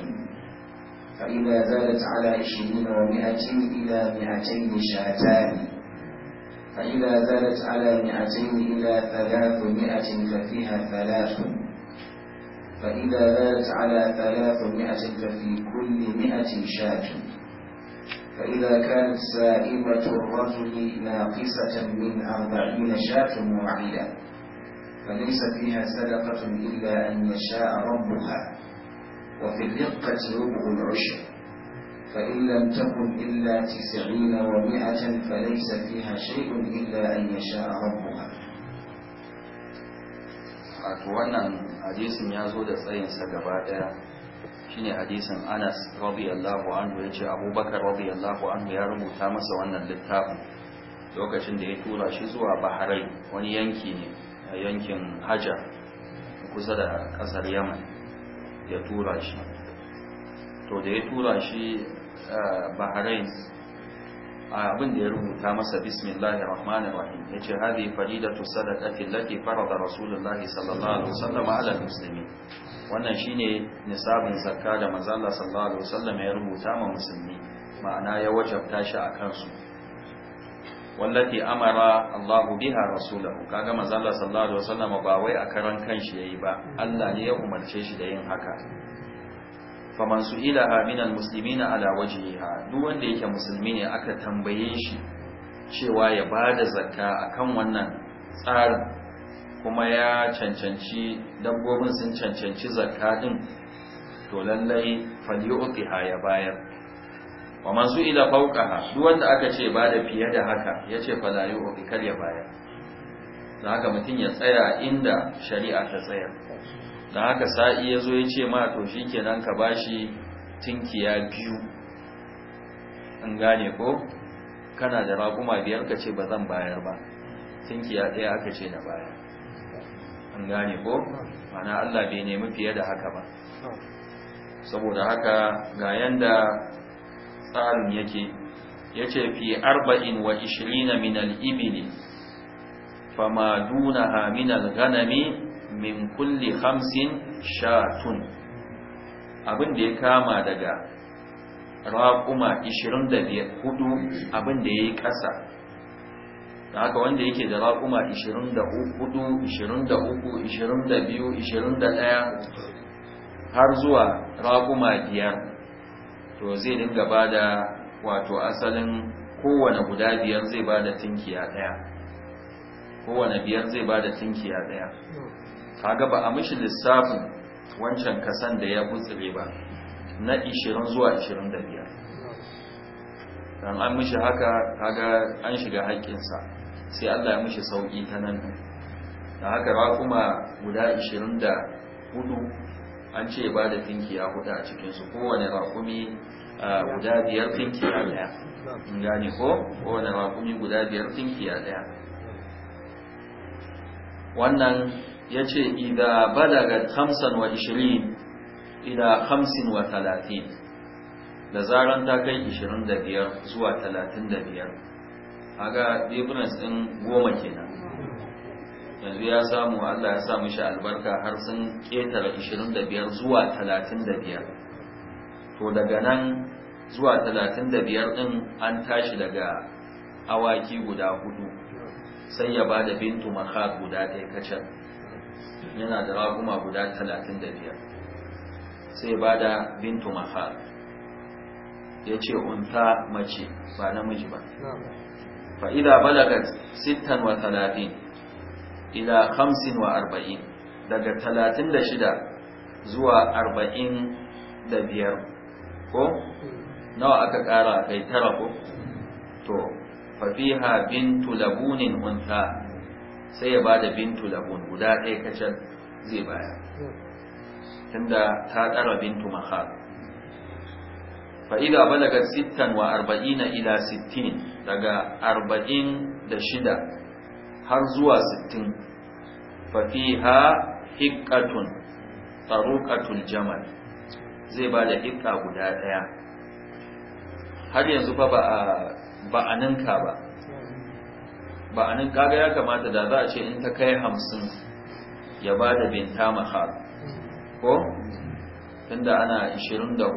فإذا زالت على عشرين ومائة إلى مائتين شاتان فإذا زالت على مائتين إلى ثلاثمائة ففيها ثلاث فإذا زالت على ثلاثمائة ففي كل مائة شاة فإذا كانت سائبة الرجل ناقصة من أربعين شاة واحدة فليس فيها صدقة إلا أن يشاء ربها وفي الرقة ربع العشر فإن لم تكن إلا تسعين ومائة فليس فيها شيء إلا أن يشاء ربها أتوانا wannan hadisin ya zo shine hadisin Anas radiyallahu ya ce Abubakar radiyallahu anhu ya rubuta masa wannan littafin lokacin da ya tura shi zuwa Bahrain wani yanki ne a yankin Hajar kusa da kasar Yaman ya tura shi to da ya tura shi eh, Bahrain abin da ya rubuta masa bismillahir rahmanir rahim yace hadi fadidatu sadaqati allati farada rasulullahi sallallahu alaihi wasallam ala muslimin wannan shine nisabin zakka da manzo Allah sallallahu alaihi wasallam ya rubuta ma musulmi ma'ana ya wajabta shi akan su wallati amara Allah biha rasulahu kaga manzo Allah sallallahu alaihi wasallam ba wai a karan kanshi yayi ba Allah ne ya umarce shi da yin haka faman su ilaha musulmi na ala ya duk wanda yake musulmi ne aka tambaye shi cewa ya ba da zakka akan wannan tsarin kuma ya cancanci dabbobin sun cancanci zakka din to lallai ha ya bayar faman su ila ha duk wanda aka ce ba da fiye da haka yace fala yu'ti kar ya bayar da haka mutum ya tsaya inda shari'a ta tsayar. don haka sa'i ya zo ya ce ma to shi kenan ka bashi tinkiya biyu An gane ko kana da raguma biyar ka ce ba zan bayar ba tinkiya ɗaya aka ce na bayar An gane ko mana allah bai nemi fiye da haka ba saboda haka ga yanda tsarin yake ya ce fi arba'in wa ishirina minal ibili fama dunaha minal ganami min kulli hamsin shatun abin da ya kama daga raƙuma 25 hudu abin da ya yi ƙasa da haka wanda yake da raƙuma 24 23 22 21 har zuwa raƙuma biyar to zai dinga ba da wato asalin kowane guda biyar zai ba da tinkiya ɗaya kowane biyar zai ba da tinkiya ɗaya kaga ba a mishi lissafin wancan kasan da ya gutsire ba na 20 zuwa 25 dan an mishi haka kaga an shiga haƙƙinsa sai Allah ya mishi sauki ta nan da haka raƙuma guda 24 an ce ba da tinkiya huda a cikinsu kowane raƙumi guda biyar tinkiya daya in gane ko kowane raƙumi guda biyar tinkiya daya wannan ya ce idha balagat hamsan wa ishirin ila hamsin wa talatin da zaran ta kai ishirin da biyar zuwa talatin da biyar haga difference ɗin goma kenan yanzu ya samu Allah ya samu shi albarka har sun ƙetare ishirin da biyar zuwa talatin da biyar to daga nan zuwa talatin da biyar ɗin an tashi daga awaki guda hudu sai ya ba da bintu makar guda ɗaya kacal yana da raguma guda talatin da biyar sai ba da bintu mahar ya ce unta mace ba namiji ba fa'ida balagat sittan wa talatin ila hamsin wa arba'in daga talatin da shida zuwa arba'in da biyar ko nawa aka ƙara kai tara ko to fafiha bintu labunin unta sai ya bada bintu labun guda ɗaya kacal zai baya tunda ta ɗara bintu maha fa'ida balaga sittan wa arba'ina ila sittin daga arba'in da shida har zuwa sittin fafiha hikatun tsarukatun jamal zai ba da hikka guda ɗaya har yanzu fa ba a ninka ba ba a nan kaga ya kamata da za a ce in ta kai hamsin ya ba da binta maha ko tunda ana 24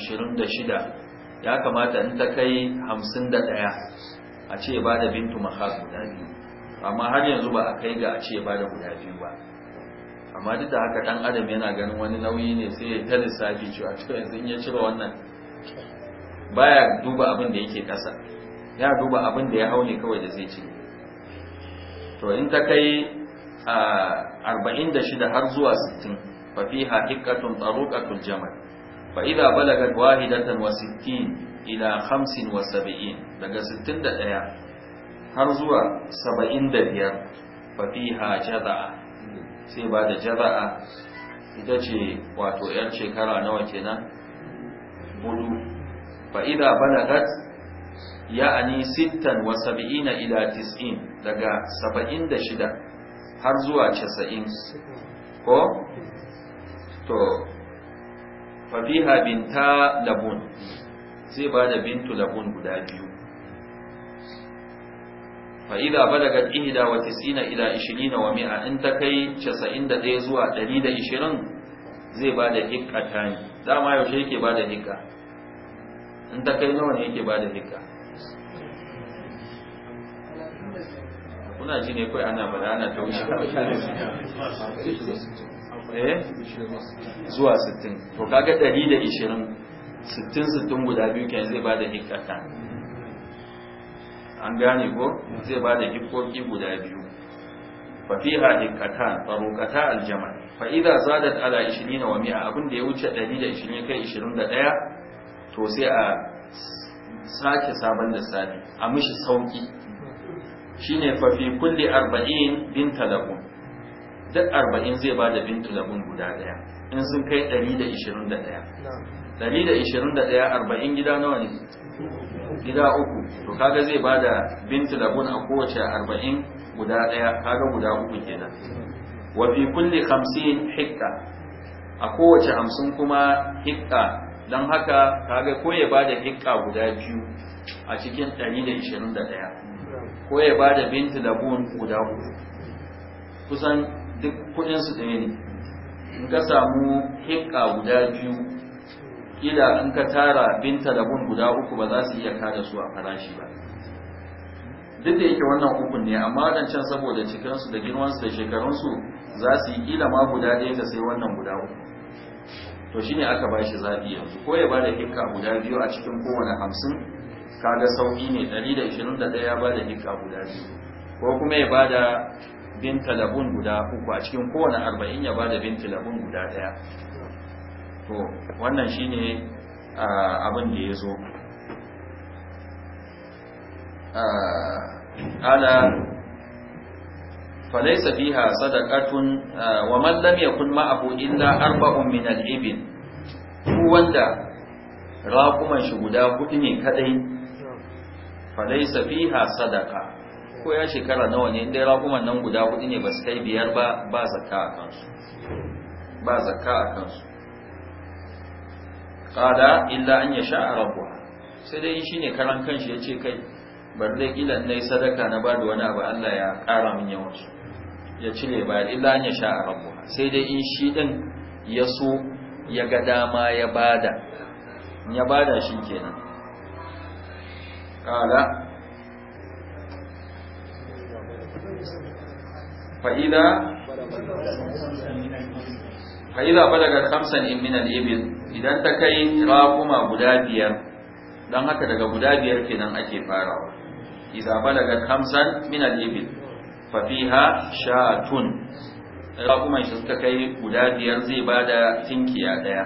26 ya kamata in ta kai 51 a ce ba da bintu maha guda biyu amma har yanzu ba a kai ga a ce ba da guda biyu ba amma duk da haka dan adam yana ganin wani nauyi ne sai ya ta lissafi cewa to yanzu in ya cire wannan baya duba abin da yake kasa ya duba abin da ya hau kawai da zai ci to in ta kai arba'in da shida har zuwa sittin fa fi hiqqatun taruqatul jamal fa idza balagat wahidatan wa sittin ila khamsin wa saba'in. daga sittin da ɗaya har zuwa saba'in da biyar fa ha jaza'a sai ba da jaza'a ita ce wato 'yar shekara nawa kenan budu fa idza balagat ya'ani sittan wa sab'ina ila tis'in daga saba'in da shida har zuwa casa'in ko to fafiha binta labun zai ba da bintu labun guda biyu fa'ida balagat ihda wa tis'ina ila ishirina wa mi'a in ta kai casa'in da zuwa ɗari da ishirin zai ba da hikka ta ne dama yake ba da hikka in ta kai nawa ne yake ba da muna ji ne kawai ana bada ana ta wuce eh zuwa 60 to kaga 120 60 60 guda biyu kenan zai bada hikata an gane ko zai bada hikoki guda biyu fa fiha hikata farukata aljamal fa idza zadat ala 20 wa 100 abin da ya wuce 120 kai 21 to sai a sake sabon lissafi a mishi sauki shine fa fi kulli arba'in binta lahum duk arba'in zai bada bintu lahum guda daya in sun kai 121 121 arba'in gida nawa ne gida uku to kaga zai bada bintu lahum a kowace arba'in guda daya kaga guda uku kenan wa fi kulli 50 hikka a kowace hamsin kuma hikka don haka kaga ko ya bada hikka guda biyu a cikin 121 ko ya ba da binti guda hudu kusan duk kudinsu ɗaya ne in ka samu hikka guda biyu kila in ka tara binta da bun guda uku ba za su iya kada su a farashi ba duk da yake wannan ukun ne amma wadancan saboda cikinsu da girmansu da shekarunsu za su yi kila ma guda ɗaya ka sai wannan guda uku to shine aka ba shi zaɓi yanzu ko ya ba da hikka guda biyu a cikin kowane hamsin kaga sauki ne 121 ya bada nika guda biyu ko kuma ya bada binta labun guda uku a cikin kowane 40 ya bada binta labun guda daya to wannan shine abin da ya zo ala sadaqatun Wa man lam yakun ma abu illa arba'un min الإبل هو wanda raquman shi guda hudu ne kadai falaisa fiha sadaka ko ya shekara nawa ne inda raguman nan guda hudu ne ba su kai biyar ba ba zakka a kansu ba zakka a kansu kada illa an yasha rabbuha sai dai shi ne karan kanshi ya ce kai bar dai ilan nayi sadaka na ba da wani abu Allah ya ƙara min yawan su ya cire ba illa an yasha rabbuha sai dai in shi din ya so ya ga dama ya bada ya bada shi kenan قال فإذا فإذا بلغت خمسا من الإبل idan ta kai raƙuma guda biyar don haka daga guda biyar kenan ake farawa iza balaga kamsan min al-ibil fa fiha shatun raƙuman shi suka kai guda biyar zai bada tinkiya ɗaya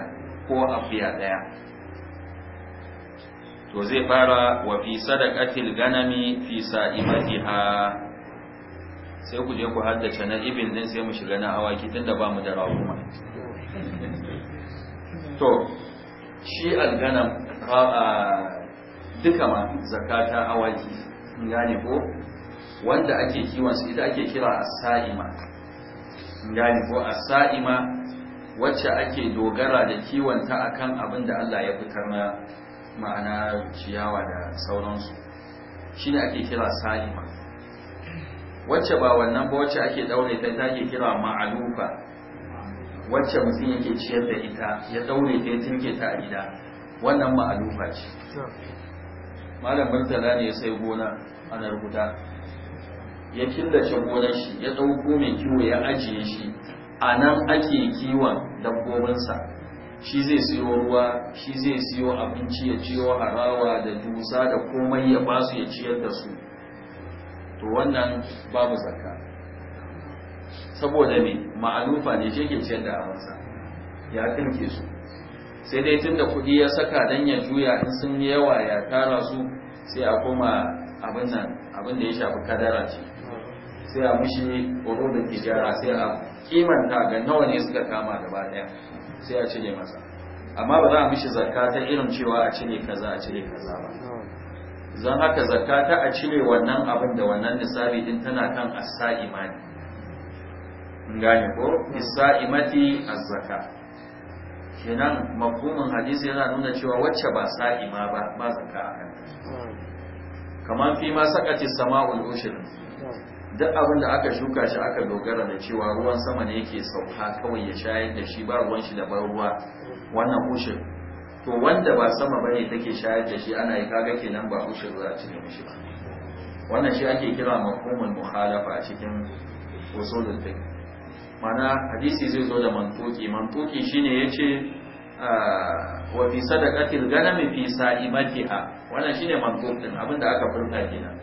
ko afiya ɗaya. to zai fara wa fi sadaqatil ganami fi sa'imatiha sai ku je ku haddace na ibin din sai mu shiga na awaki tunda ba mu da rawuma to shi alganam duka ma zakata awaki in gane ko wanda ake kiwon su ita ake kira as-sa'ima gane ko as-sa'ima wacce ake dogara da kiwon ta akan abin da Allah ya fitar na ma'ana ciyawa da sauransu shi ne ake kira salima wacce ba wannan ba wacce ake daure ta ta ke kira ma'alufa wacce mutum yake ciyar da ita ya daure ta ya ta a gida wannan ma'alufa ce malam murtala ne ya sai gona ana rubuta ya killace gonar shi ya ɗauko mai kiwo ya ajiye shi a nan ake kiwon dabbobinsa shi zai siyo ruwa shi zai siyo abinci ya ciyo harawa da dusa da komai ya basu ya ciyar da su to wannan babu zakka saboda me ma'alufa ne ce ke ciyar da amsa ya kanke su sai dai tun da kuɗi ya saka dan ya juya in sun yi yawa ya tara su sai a koma abin nan abin da ya shafi kadara ce sai a mushi ƙoro da tijara sai a kimanta ga nawa ne suka kama gaba ɗaya sai a cire masa amma ba za a mishi zakka ta irin cewa a cire kaza a cire kaza ba zan haka zakka ta a cire wannan abin da wannan nisabi din tana kan assa imani in gane ko issa imati azzaka kenan mafhumin hadisi yana nuna cewa wacce ba sa'ima ba ba zakka a kanta hmm. kamar fi ma sakati sama'ul ushrin duk abin da aka shuka shi aka dogara da cewa ruwan sama ne yake sauka kawai ya shayar da shi ba ruwan shi da ban ruwa wannan ushin to wanda ba sama ba ne take shayar da shi ana yi kaga kenan ba ushin za a ci mishi ba wannan shi ake kira mafhumul muhalafa a cikin usulul fiqh mana hadisi zai zo da mantuki mantuki shine yace ah, wa fi sadaqatil ganami fi sa'imatiha wannan shine mantukin abinda aka furta kenan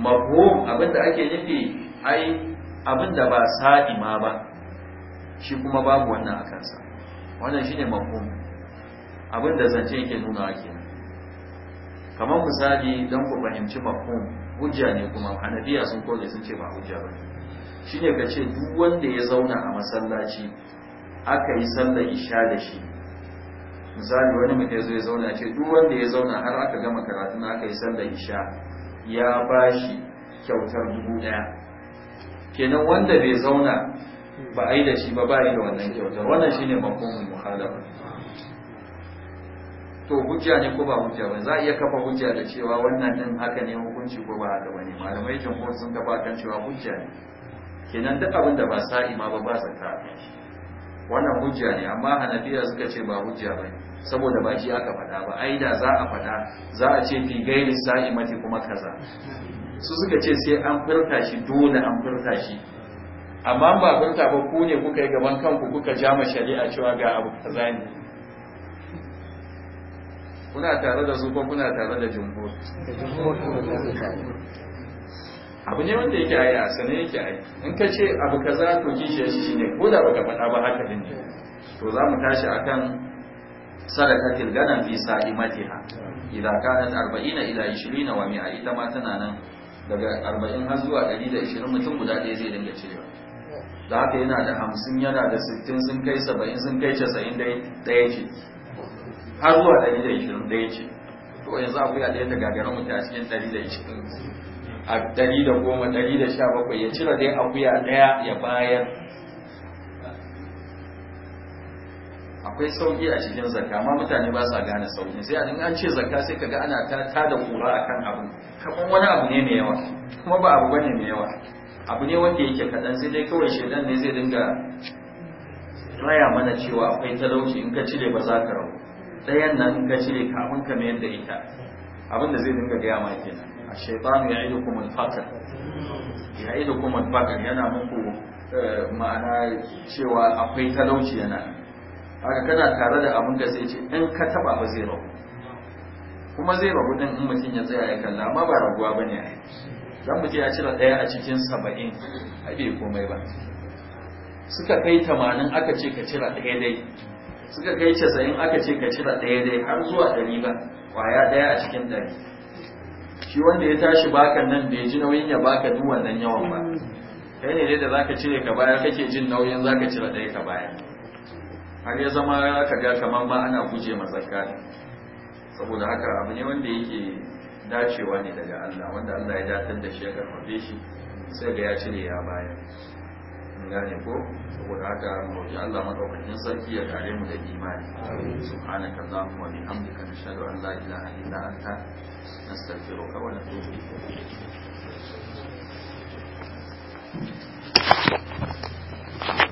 mafhum abinda ake nufi ai abinda ba sa'ima ba shi kuma babu wannan a kansa wannan shine mafhum abinda zance yake nuna ake kamar misali don ku fahimci mafhum hujja ne kuma hanabiya sun kore sun ce ba hujja ba shine ka ce duk wanda ya zauna a masallaci aka yi sallar isha da shi misali wani mutum ya zo ya zauna ce duk wanda ya zauna har aka gama karatu na aka yi sallar isha ya ba shi kyautar dubu ɗaya kenan wanda bai zauna ba a yi da shi ba ba yi da wannan kyautar wannan shi ne makomin muhalaba to hujja ne ko ba hujja ba za a iya kafa hujja da cewa wannan din haka ne hukunci ko ba haka wani? malamai jamhur sun kafa kan cewa hujja ne kenan duk abin da ba sa'ima ba ba zakka a kan shi wannan hujja ne amma hanafiya suka ce ba hujja ba saboda ba shi aka faɗa ba ai da za a faɗa za a ce fi gairi sa'imati kuma kaza su suka ce sai an furta shi dole an furta shi amma ba furta ba ku ne kuka yi gaban kanku kuka ja ma shari'a cewa ga abu kaza ne kuna tare da su kuna tare da jumhur abu ne wanda yake ai a sane yake ai in ka ce abu kaza to kishiya shi shine ko da baka faɗa ba haka din ne to za mu tashi akan sadaqatil ganan fi sa'imatiha idza kanat 40 ila 20 wa 100 ita ma tana nan daga 40 har zuwa 120 mutum guda ɗaya zai dinga cirewa da haka yana da 50 yana da 60 sun kai 70 sun kai 90 dai ɗaya ce har zuwa 120 ɗaya ce to yanzu akwai a ɗaya ta gagarin mutum a cikin 120 a da da goma sha bakwai ya cire dai akuya daya ya bayar akwai sauki a cikin zakka amma mutane ba sa gane sauki sai a an ce zakka sai kaga ana ta da kura akan abu kamar wani abu ne mai yawa kuma ba abu bane mai yawa abu ne wanda yake kadan sai dai kawai shedan ne zai dinga raya mana cewa akwai talauci in ka cire ba za ka rabu ɗayan nan in ka cire kafin ka mayar da ita abin da zai dinga gaya ma kenan الشيطان يعيدكم الفقر يعيدكم الفقر yana muku ma'ana cewa akwai talauci yana haka tare da abin da sai ce in ka taba ba zai rabu kuma zai rabu din in mutum ya tsaya ya kalla amma ba raguwa bane ai dan mutum ya cire daya a cikin 70 ai bai komai ba suka kai 80 aka ce ka cire daya dai suka kai 90 aka ce ka cire daya dai har zuwa 100 ba kwaya daya a cikin ɗari. shi wanda ya tashi baka nan bai ji nauyin ya baka duk wannan yawan ba mm. kai ne dai da zaka cire ka bayar kake jin nauyin zaka cire ɗaya ka baya? har ya zama ka ga kamar ba ana guje ma zakka saboda haka abu ne wanda yake dacewa ne daga Allah wanda Allah ya datar da shi ya karfafe shi sai ga ya cire ya baya. gane ko saboda haka mu roki Allah madaukakin sarki ya kare mu da imani subhanaka allahumma wa bihamdika nashhadu an la ilaha illa anta nastaghfiruka wa natubu ilayk